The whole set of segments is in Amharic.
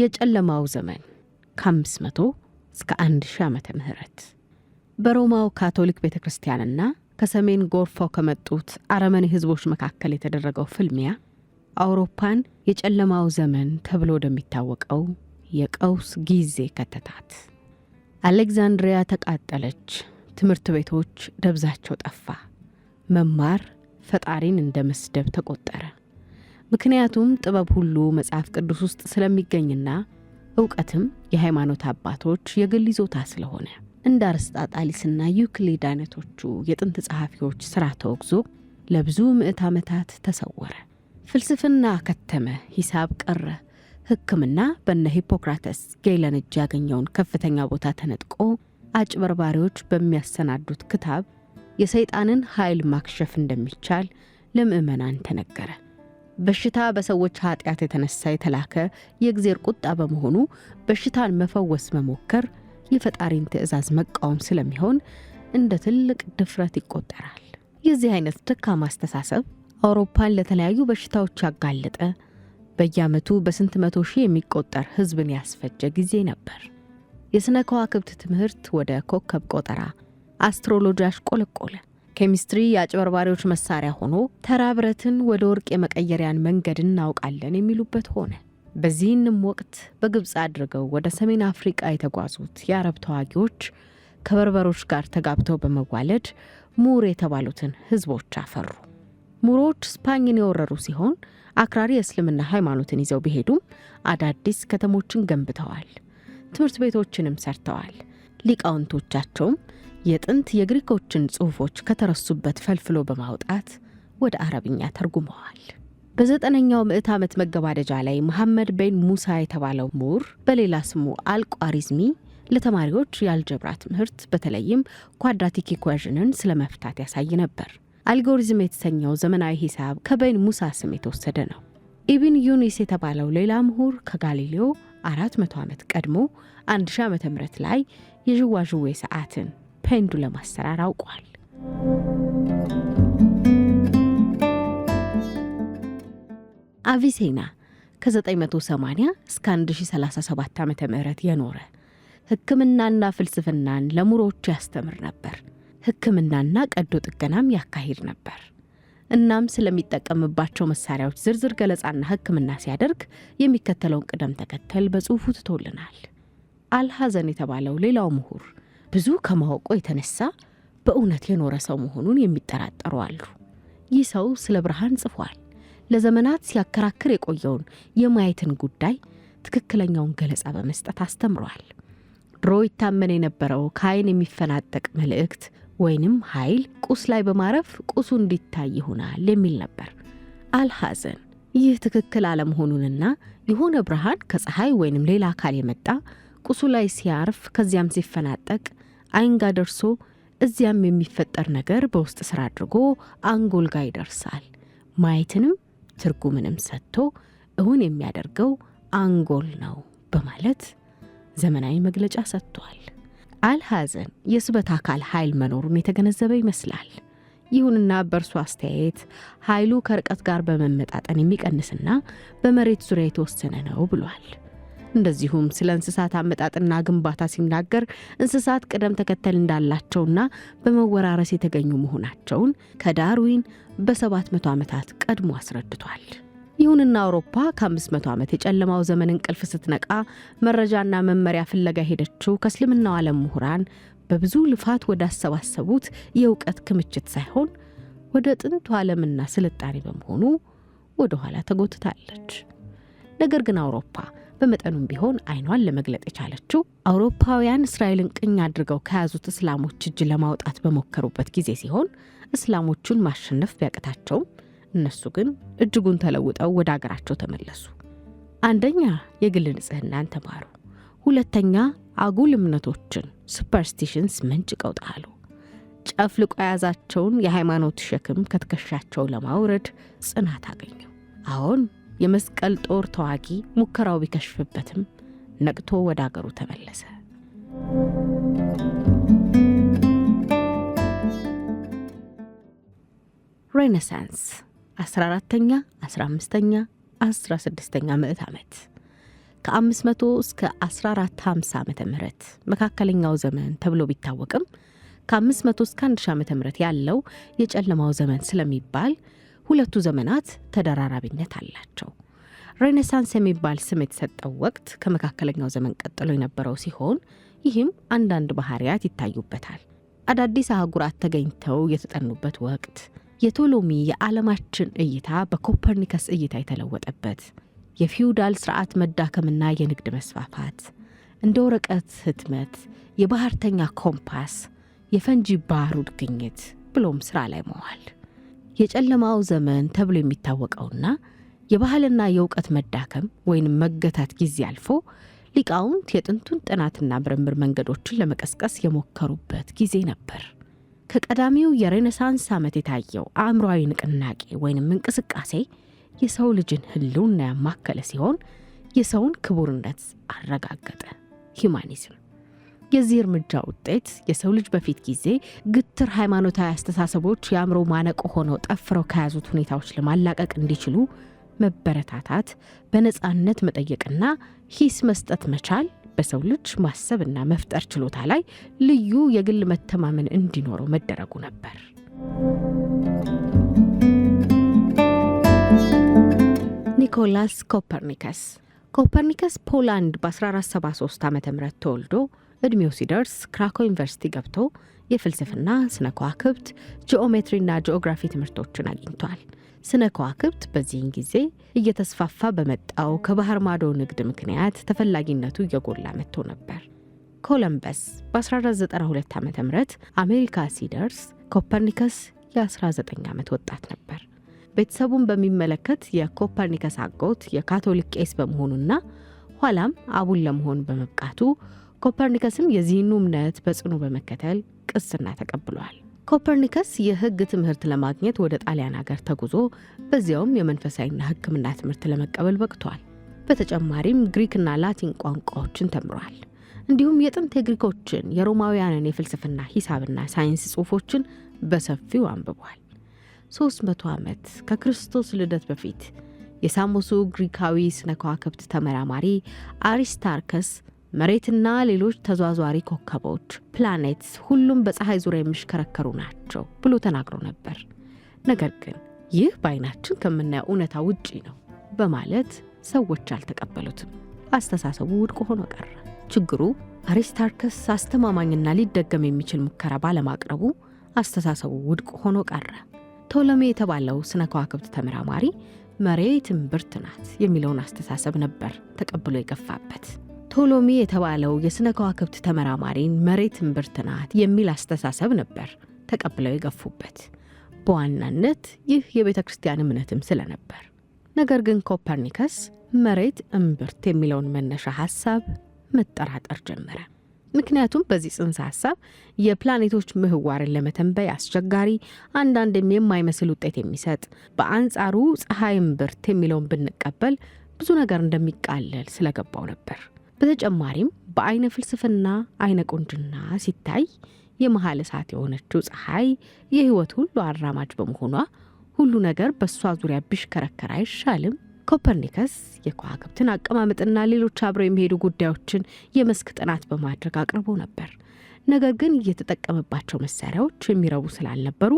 የጨለማው ዘመን ከ500 እስከ 1000 ዓመተ ምህረት በሮማው ካቶሊክ ቤተ ክርስቲያንና ከሰሜን ጎርፈው ከመጡት አረመኔ ህዝቦች መካከል የተደረገው ፍልሚያ አውሮፓን የጨለማው ዘመን ተብሎ ወደሚታወቀው የቀውስ ጊዜ ከተታት። አሌግዛንድሪያ ተቃጠለች። ትምህርት ቤቶች ደብዛቸው ጠፋ። መማር ፈጣሪን እንደ መስደብ ተቆጠረ። ምክንያቱም ጥበብ ሁሉ መጽሐፍ ቅዱስ ውስጥ ስለሚገኝና እውቀትም የሃይማኖት አባቶች የግል ይዞታ ስለሆነ እንደ አርስጣጣሊስና ዩክሊድ አይነቶቹ የጥንት ጸሐፊዎች ሥራ ተወግዞ ለብዙ ምዕት ዓመታት ተሰወረ። ፍልስፍና ከተመ፣ ሂሳብ ቀረ፣ ሕክምና በነ ሂፖክራተስ ጌለን እጅ ያገኘውን ከፍተኛ ቦታ ተነጥቆ አጭበርባሪዎች በሚያሰናዱት ክታብ የሰይጣንን ኃይል ማክሸፍ እንደሚቻል ለምዕመናን ተነገረ። በሽታ በሰዎች ኃጢአት የተነሳ የተላከ የእግዜር ቁጣ በመሆኑ በሽታን መፈወስ መሞከር የፈጣሪን ትእዛዝ መቃወም ስለሚሆን እንደ ትልቅ ድፍረት ይቆጠራል። የዚህ አይነት ደካማ አስተሳሰብ አውሮፓን ለተለያዩ በሽታዎች ያጋለጠ፣ በየዓመቱ በስንት መቶ ሺህ የሚቆጠር ሕዝብን ያስፈጀ ጊዜ ነበር። የሥነ ከዋክብት ትምህርት ወደ ኮከብ ቆጠራ አስትሮሎጂ አሽቆለቆለ። ኬሚስትሪ የአጭበርባሪዎች መሳሪያ ሆኖ ተራ ብረትን ወደ ወርቅ የመቀየሪያን መንገድ እናውቃለን የሚሉበት ሆነ። በዚህንም ወቅት በግብፅ አድርገው ወደ ሰሜን አፍሪቃ የተጓዙት የአረብ ተዋጊዎች ከበርበሮች ጋር ተጋብተው በመዋለድ ሙር የተባሉትን ህዝቦች አፈሩ። ሙሮች ስፓኝን የወረሩ ሲሆን አክራሪ የእስልምና ሃይማኖትን ይዘው ቢሄዱም አዳዲስ ከተሞችን ገንብተዋል፣ ትምህርት ቤቶችንም ሰርተዋል። ሊቃውንቶቻቸውም የጥንት የግሪኮችን ጽሑፎች ከተረሱበት ፈልፍሎ በማውጣት ወደ አረብኛ ተርጉመዋል። በዘጠነኛው ምዕት ዓመት መገባደጃ ላይ መሐመድ ቤን ሙሳ የተባለው ምሁር በሌላ ስሙ አልቋሪዝሚ ለተማሪዎች የአልጀብራ ትምህርት በተለይም ኳድራቲክ ኢኳዥንን ስለ መፍታት ያሳይ ነበር። አልጎሪዝም የተሰኘው ዘመናዊ ሂሳብ ከበይን ሙሳ ስም የተወሰደ ነው። ኢብን ዩኒስ የተባለው ሌላ ምሁር ከጋሊሌዮ 400 ዓመት ቀድሞ 1000 ዓ ም ላይ የዥዋዥዌ ሰዓትን ፔንዱለም አሰራር አውቋል። አቪሴና ከ980 እስከ 1037 ዓ ም የኖረ ሕክምናና ፍልስፍናን ለሙሮቹ ያስተምር ነበር። ሕክምናና ቀዶ ጥገናም ያካሂድ ነበር። እናም ስለሚጠቀምባቸው መሳሪያዎች ዝርዝር ገለጻና ሕክምና ሲያደርግ የሚከተለውን ቅደም ተከተል በጽሑፉ ትቶልናል። አልሐዘን የተባለው ሌላው ምሁር ብዙ ከማወቁ የተነሳ በእውነት የኖረ ሰው መሆኑን የሚጠራጠሩ አሉ። ይህ ሰው ስለ ብርሃን ጽፏል። ለዘመናት ሲያከራክር የቆየውን የማየትን ጉዳይ ትክክለኛውን ገለጻ በመስጠት አስተምሯል። ድሮ ይታመን የነበረው ከአይን የሚፈናጠቅ መልእክት ወይንም ኃይል ቁስ ላይ በማረፍ ቁሱ እንዲታይ ይሆናል የሚል ነበር። አልሐዘን ይህ ትክክል አለመሆኑንና የሆነ ብርሃን ከፀሐይ ወይንም ሌላ አካል የመጣ ቁሱ ላይ ሲያርፍ ከዚያም ሲፈናጠቅ አይን ጋ ደርሶ እዚያም የሚፈጠር ነገር በውስጥ ስራ አድርጎ አንጎል ጋ ይደርሳል። ማየትንም ትርጉምንም ሰጥቶ እውን የሚያደርገው አንጎል ነው በማለት ዘመናዊ መግለጫ ሰጥቷል። አልሐዘን የስበት አካል ኃይል መኖሩን የተገነዘበ ይመስላል። ይሁንና በእርሱ አስተያየት ኃይሉ ከርቀት ጋር በመመጣጠን የሚቀንስና በመሬት ዙሪያ የተወሰነ ነው ብሏል። እንደዚሁም ስለ እንስሳት አመጣጥና ግንባታ ሲናገር እንስሳት ቅደም ተከተል እንዳላቸውና በመወራረስ የተገኙ መሆናቸውን ከዳርዊን በ700 ዓመታት ቀድሞ አስረድቷል። ይሁንና አውሮፓ ከ500 ዓመት የጨለማው ዘመን እንቅልፍ ስትነቃ መረጃና መመሪያ ፍለጋ ሄደችው ከእስልምናው ዓለም ምሁራን በብዙ ልፋት ወዳሰባሰቡት የእውቀት ክምችት ሳይሆን ወደ ጥንቱ ዓለምና ስልጣኔ በመሆኑ ወደ ኋላ ተጎትታለች። ነገር ግን አውሮፓ በመጠኑም ቢሆን አይኗን ለመግለጥ የቻለችው አውሮፓውያን እስራኤልን ቅኝ አድርገው ከያዙት እስላሞች እጅ ለማውጣት በሞከሩበት ጊዜ ሲሆን እስላሞቹን ማሸነፍ ቢያቅታቸውም እነሱ ግን እጅጉን ተለውጠው ወደ አገራቸው ተመለሱ። አንደኛ የግል ንጽህናን ተማሩ። ሁለተኛ አጉል እምነቶችን ሱፐርስቲሽንስ መንጭቀው ጣሉ። ጨፍልቆ የያዛቸውን የሃይማኖት ሸክም ከትከሻቸው ለማውረድ ጽናት አገኙ። አሁን የመስቀል ጦር ተዋጊ ሙከራው ቢከሽፍበትም ነቅቶ ወደ አገሩ ተመለሰ። ሬኔሳንስ 14ተኛ፣ 15ተኛ፣ 16ተኛ ምዕት ዓመት ከ500 እስከ 1450 ዓ ም መካከለኛው ዘመን ተብሎ ቢታወቅም ከ500 እስከ 1000 ዓ ም ያለው የጨለማው ዘመን ስለሚባል ሁለቱ ዘመናት ተደራራቢነት አላቸው። ሬኔሳንስ የሚባል ስም የተሰጠው ወቅት ከመካከለኛው ዘመን ቀጥሎ የነበረው ሲሆን ይህም አንዳንድ ባህሪያት ይታዩበታል። አዳዲስ አህጉራት ተገኝተው የተጠኑበት ወቅት፣ የቶሎሚ የዓለማችን እይታ በኮፐርኒከስ እይታ የተለወጠበት፣ የፊውዳል ስርዓት መዳከምና የንግድ መስፋፋት፣ እንደ ወረቀት ህትመት፣ የባህርተኛ ኮምፓስ፣ የፈንጂ ባሩድ ግኝት ብሎም ስራ ላይ መዋል የጨለማው ዘመን ተብሎ የሚታወቀውና የባህልና የእውቀት መዳከም ወይንም መገታት ጊዜ አልፎ ሊቃውንት የጥንቱን ጥናትና ምርምር መንገዶችን ለመቀስቀስ የሞከሩበት ጊዜ ነበር። ከቀዳሚው የሬኔሳንስ ዓመት የታየው አእምሯዊ ንቅናቄ ወይንም እንቅስቃሴ የሰው ልጅን ሕልውና ያማከለ ሲሆን የሰውን ክቡርነት አረጋገጠ። ሂማኒዝም የዚህ እርምጃ ውጤት የሰው ልጅ በፊት ጊዜ ግትር ሃይማኖታዊ አስተሳሰቦች የአእምሮ ማነቆ ሆነው ጠፍረው ከያዙት ሁኔታዎች ለማላቀቅ እንዲችሉ መበረታታት፣ በነፃነት መጠየቅና ሂስ መስጠት መቻል በሰው ልጅ ማሰብና መፍጠር ችሎታ ላይ ልዩ የግል መተማመን እንዲኖረው መደረጉ ነበር። ኒኮላስ ኮፐርኒከስ ኮፐርኒከስ ፖላንድ በ1473 ዓ ም ተወልዶ እድሜው ሲደርስ ክራኮ ዩኒቨርሲቲ ገብቶ የፍልስፍና፣ ስነ ከዋክብት፣ ጂኦሜትሪና ጂኦግራፊ ትምህርቶችን አግኝቷል። ስነ ከዋክብት በዚህን ጊዜ እየተስፋፋ በመጣው ከባህር ማዶ ንግድ ምክንያት ተፈላጊነቱ እየጎላ መጥቶ ነበር። ኮለምበስ በ1492 ዓ ም አሜሪካ ሲደርስ ኮፐርኒከስ የ19 ዓመት ወጣት ነበር። ቤተሰቡን በሚመለከት የኮፐርኒከስ አጎት የካቶሊክ ቄስ በመሆኑና ኋላም አቡን ለመሆን በመብቃቱ ኮፐርኒከስም የዚህኑ እምነት በጽኑ በመከተል ቅስና ተቀብሏል። ኮፐርኒከስ የሕግ ትምህርት ለማግኘት ወደ ጣሊያን ሀገር ተጉዞ በዚያውም የመንፈሳዊና ሕክምና ትምህርት ለመቀበል በቅቷል። በተጨማሪም ግሪክና ላቲን ቋንቋዎችን ተምሯል። እንዲሁም የጥንት የግሪኮችን የሮማውያንን የፍልስፍና ሂሳብና ሳይንስ ጽሑፎችን በሰፊው አንብቧል። 300 ዓመት ከክርስቶስ ልደት በፊት የሳሞሱ ግሪካዊ ስነ ከዋክብት ተመራማሪ አሪስታርከስ መሬትና ሌሎች ተዟዟሪ ኮከቦች ፕላኔትስ ሁሉም በፀሐይ ዙሪያ የሚሽከረከሩ ናቸው ብሎ ተናግሮ ነበር። ነገር ግን ይህ በአይናችን ከምናየው እውነታ ውጪ ነው በማለት ሰዎች አልተቀበሉትም። አስተሳሰቡ ውድቅ ሆኖ ቀረ። ችግሩ አሪስታርከስ አስተማማኝና ሊደገም የሚችል ሙከራ ባለማቅረቡ አስተሳሰቡ ውድቅ ሆኖ ቀረ። ቶሎሜ የተባለው ስነ ከዋክብት ተመራማሪ መሬት እምብርት ናት የሚለውን አስተሳሰብ ነበር ተቀብሎ የገፋበት። ቶሎሚ የተባለው የሥነ ከዋክብት ተመራማሪን መሬት እምብርት ናት የሚል አስተሳሰብ ነበር ተቀብለው የገፉበት በዋናነት ይህ የቤተ ክርስቲያን እምነትም ስለነበር። ነገር ግን ኮፐርኒከስ መሬት እምብርት የሚለውን መነሻ ሐሳብ መጠራጠር ጀመረ። ምክንያቱም በዚህ ጽንሰ ሐሳብ የፕላኔቶች ምህዋርን ለመተንበይ አስቸጋሪ፣ አንዳንድም የማይመስል ውጤት የሚሰጥ በአንጻሩ ፀሐይ እምብርት የሚለውን ብንቀበል ብዙ ነገር እንደሚቃለል ስለገባው ነበር። በተጨማሪም በአይነ ፍልስፍና አይነ ቁንጅና ሲታይ የመሀል እሳት የሆነችው ፀሐይ የህይወት ሁሉ አራማጅ በመሆኗ ሁሉ ነገር በእሷ ዙሪያ ቢሽከረከር አይሻልም? ኮፐርኒከስ የከዋክብትን አቀማመጥና ሌሎች አብረው የሚሄዱ ጉዳዮችን የመስክ ጥናት በማድረግ አቅርቦ ነበር። ነገር ግን የተጠቀመባቸው መሳሪያዎች የሚረቡ ስላልነበሩ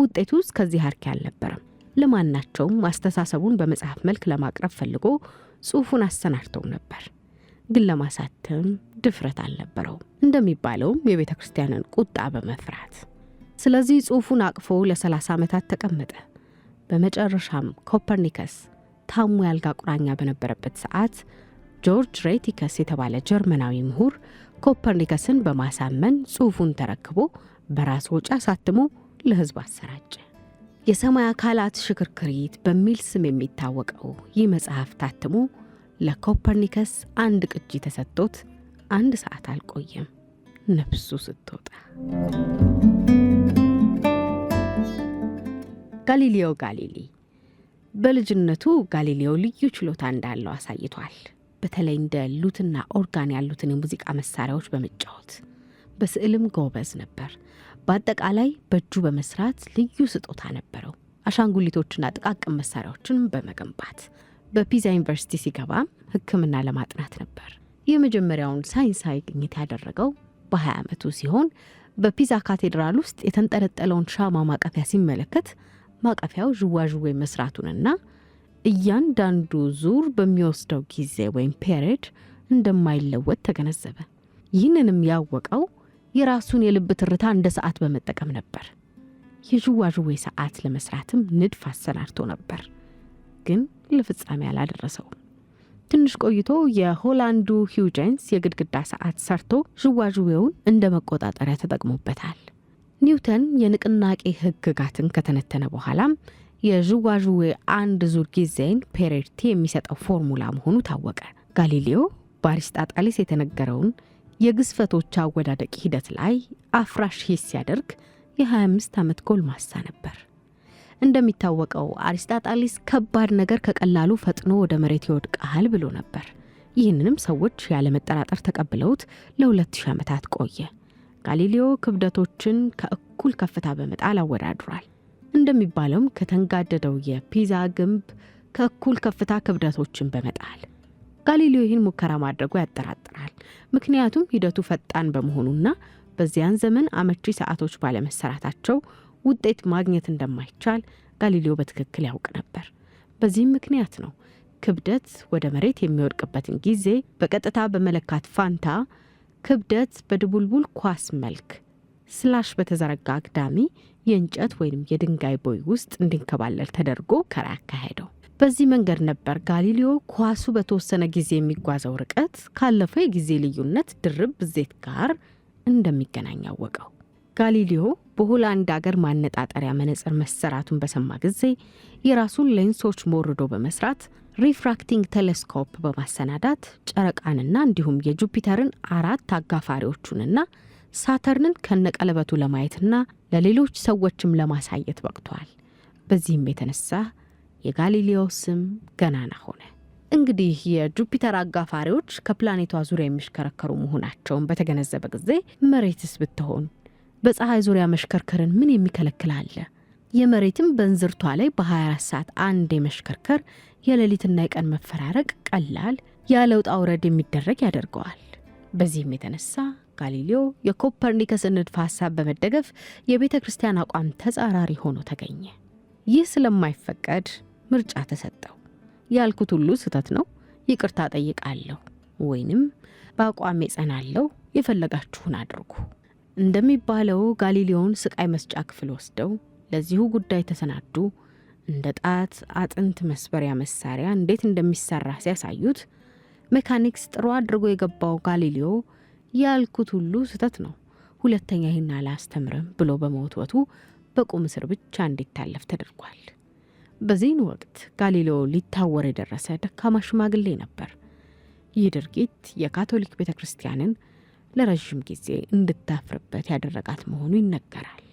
ውጤቱ እስከዚህ አርኪ አልነበረም። ለማናቸውም አስተሳሰቡን በመጽሐፍ መልክ ለማቅረብ ፈልጎ ጽሑፉን አሰናድተው ነበር። ግን ለማሳተም ድፍረት አልነበረውም። እንደሚባለውም የቤተ ክርስቲያንን ቁጣ በመፍራት ስለዚህ ጽሑፉን አቅፎ ለ30 ዓመታት ተቀመጠ። በመጨረሻም ኮፐርኒከስ ታሞ ያልጋ ቁራኛ በነበረበት ሰዓት ጆርጅ ሬቲከስ የተባለ ጀርመናዊ ምሁር ኮፐርኒከስን በማሳመን ጽሑፉን ተረክቦ በራስ ወጪ አሳትሞ ለሕዝብ አሰራጨ። የሰማይ አካላት ሽክርክሪት በሚል ስም የሚታወቀው ይህ መጽሐፍ ታትሞ ለኮፐርኒከስ አንድ ቅጂ ተሰጥቶት አንድ ሰዓት አልቆየም ነፍሱ ስትወጣ። ጋሊሌዮ ጋሊሊ በልጅነቱ ጋሊሌዮ ልዩ ችሎታ እንዳለው አሳይቷል። በተለይ እንደ ሉትና ኦርጋን ያሉትን የሙዚቃ መሳሪያዎች በመጫወት በስዕልም ጎበዝ ነበር። በአጠቃላይ በእጁ በመስራት ልዩ ስጦታ ነበረው። አሻንጉሊቶችና ጥቃቅን መሳሪያዎችን በመገንባት በፒዛ ዩኒቨርሲቲ ሲገባ ሕክምና ለማጥናት ነበር። የመጀመሪያውን ሳይንሳዊ ግኝት ያደረገው በ20 ዓመቱ ሲሆን በፒዛ ካቴድራል ውስጥ የተንጠለጠለውን ሻማ ማቀፊያ ሲመለከት ማቀፊያው ዥዋዥዌ መስራቱንና እያንዳንዱ ዙር በሚወስደው ጊዜ ወይም ፔሬድ እንደማይለወጥ ተገነዘበ። ይህንንም ያወቀው የራሱን የልብ ትርታ እንደ ሰዓት በመጠቀም ነበር። የዥዋዥዌ ሰዓት ለመስራትም ንድፍ አሰናድቶ ነበር። ግን ለፍጻሜ አላደረሰው። ትንሽ ቆይቶ የሆላንዱ ሂውጀንስ የግድግዳ ሰዓት ሰርቶ ዥዋዥዌውን እንደ መቆጣጠሪያ ተጠቅሞበታል። ኒውተን የንቅናቄ ህግጋትን ከተነተነ በኋላም የዥዋዥዌ አንድ ዙር ጊዜን ፔሬርቲ የሚሰጠው ፎርሙላ መሆኑ ታወቀ። ጋሊሌዮ በአሪስጣጣሊስ የተነገረውን የግዝፈቶች አወዳደቂ ሂደት ላይ አፍራሽ ሂስ ሲያደርግ የ25 ዓመት ጎልማሳ ነበር። እንደሚታወቀው አሪስጣጣሊስ ከባድ ነገር ከቀላሉ ፈጥኖ ወደ መሬት ይወድቃል ብሎ ነበር። ይህንንም ሰዎች ያለመጠራጠር ተቀብለውት ለ2000 ዓመታት ቆየ። ጋሊሌዮ ክብደቶችን ከእኩል ከፍታ በመጣል አወዳድሯል። እንደሚባለውም ከተንጋደደው የፒዛ ግንብ ከእኩል ከፍታ ክብደቶችን በመጣል ጋሊሌዮ ይህን ሙከራ ማድረጉ ያጠራጥራል። ምክንያቱም ሂደቱ ፈጣን በመሆኑና በዚያን ዘመን አመቺ ሰዓቶች ባለመሰራታቸው ውጤት ማግኘት እንደማይቻል ጋሊሌዮ በትክክል ያውቅ ነበር። በዚህም ምክንያት ነው ክብደት ወደ መሬት የሚወድቅበትን ጊዜ በቀጥታ በመለካት ፋንታ ክብደት በድቡልቡል ኳስ መልክ ስላሽ በተዘረጋ አግዳሚ የእንጨት ወይም የድንጋይ ቦይ ውስጥ እንዲንከባለል ተደርጎ ከራ ያካሄደው። በዚህ መንገድ ነበር ጋሊሌዮ ኳሱ በተወሰነ ጊዜ የሚጓዘው ርቀት ካለፈው የጊዜ ልዩነት ድርብ ብዜት ጋር እንደሚገናኝ ያወቀው። ጋሊሊዮ በሆላንድ አገር ማነጣጠሪያ መነጽር መሰራቱን በሰማ ጊዜ የራሱን ሌንሶች ሞርዶ በመስራት ሪፍራክቲንግ ቴሌስኮፕ በማሰናዳት ጨረቃንና እንዲሁም የጁፒተርን አራት አጋፋሪዎቹንና ሳተርንን ከነቀለበቱ ለማየትና ለሌሎች ሰዎችም ለማሳየት በቅቷል። በዚህም የተነሳ የጋሊሌዮ ስም ገናና ሆነ። እንግዲህ የጁፒተር አጋፋሪዎች ከፕላኔቷ ዙሪያ የሚሽከረከሩ መሆናቸውን በተገነዘበ ጊዜ መሬትስ ብትሆን በፀሐይ ዙሪያ መሽከርከርን ምን የሚከለክል አለ? የመሬትም በእንዝርቷ ላይ በ24 ሰዓት አንድ የመሽከርከር የሌሊትና የቀን መፈራረቅ ቀላል ያለ ውጣ ውረድ የሚደረግ ያደርገዋል። በዚህም የተነሳ ጋሊሌዮ የኮፐርኒከስን ንድፈ ሐሳብ በመደገፍ የቤተ ክርስቲያን አቋም ተጻራሪ ሆኖ ተገኘ። ይህ ስለማይፈቀድ ምርጫ ተሰጠው። ያልኩት ሁሉ ስህተት ነው፣ ይቅርታ ጠይቃለሁ፣ ወይንም በአቋም እጸናለሁ፣ የፈለጋችሁን አድርጉ። እንደሚባለው ጋሊሌዮን ስቃይ መስጫ ክፍል ወስደው ለዚሁ ጉዳይ ተሰናዱ። እንደ ጣት አጥንት መስበሪያ መሳሪያ እንዴት እንደሚሰራ ሲያሳዩት ሜካኒክስ ጥሩ አድርጎ የገባው ጋሊሊዮ ያልኩት ሁሉ ስህተት ነው፣ ሁለተኛ ይህን አላስተምርም ብሎ በመወትወቱ በቁም እስር ብቻ እንዲታለፍ ተደርጓል። በዚህን ወቅት ጋሊሌዮ ሊታወር የደረሰ ደካማ ሽማግሌ ነበር። ይህ ድርጊት የካቶሊክ ቤተ ክርስቲያንን ለረዥም ጊዜ እንድታፍርበት ያደረጋት መሆኑ ይነገራል።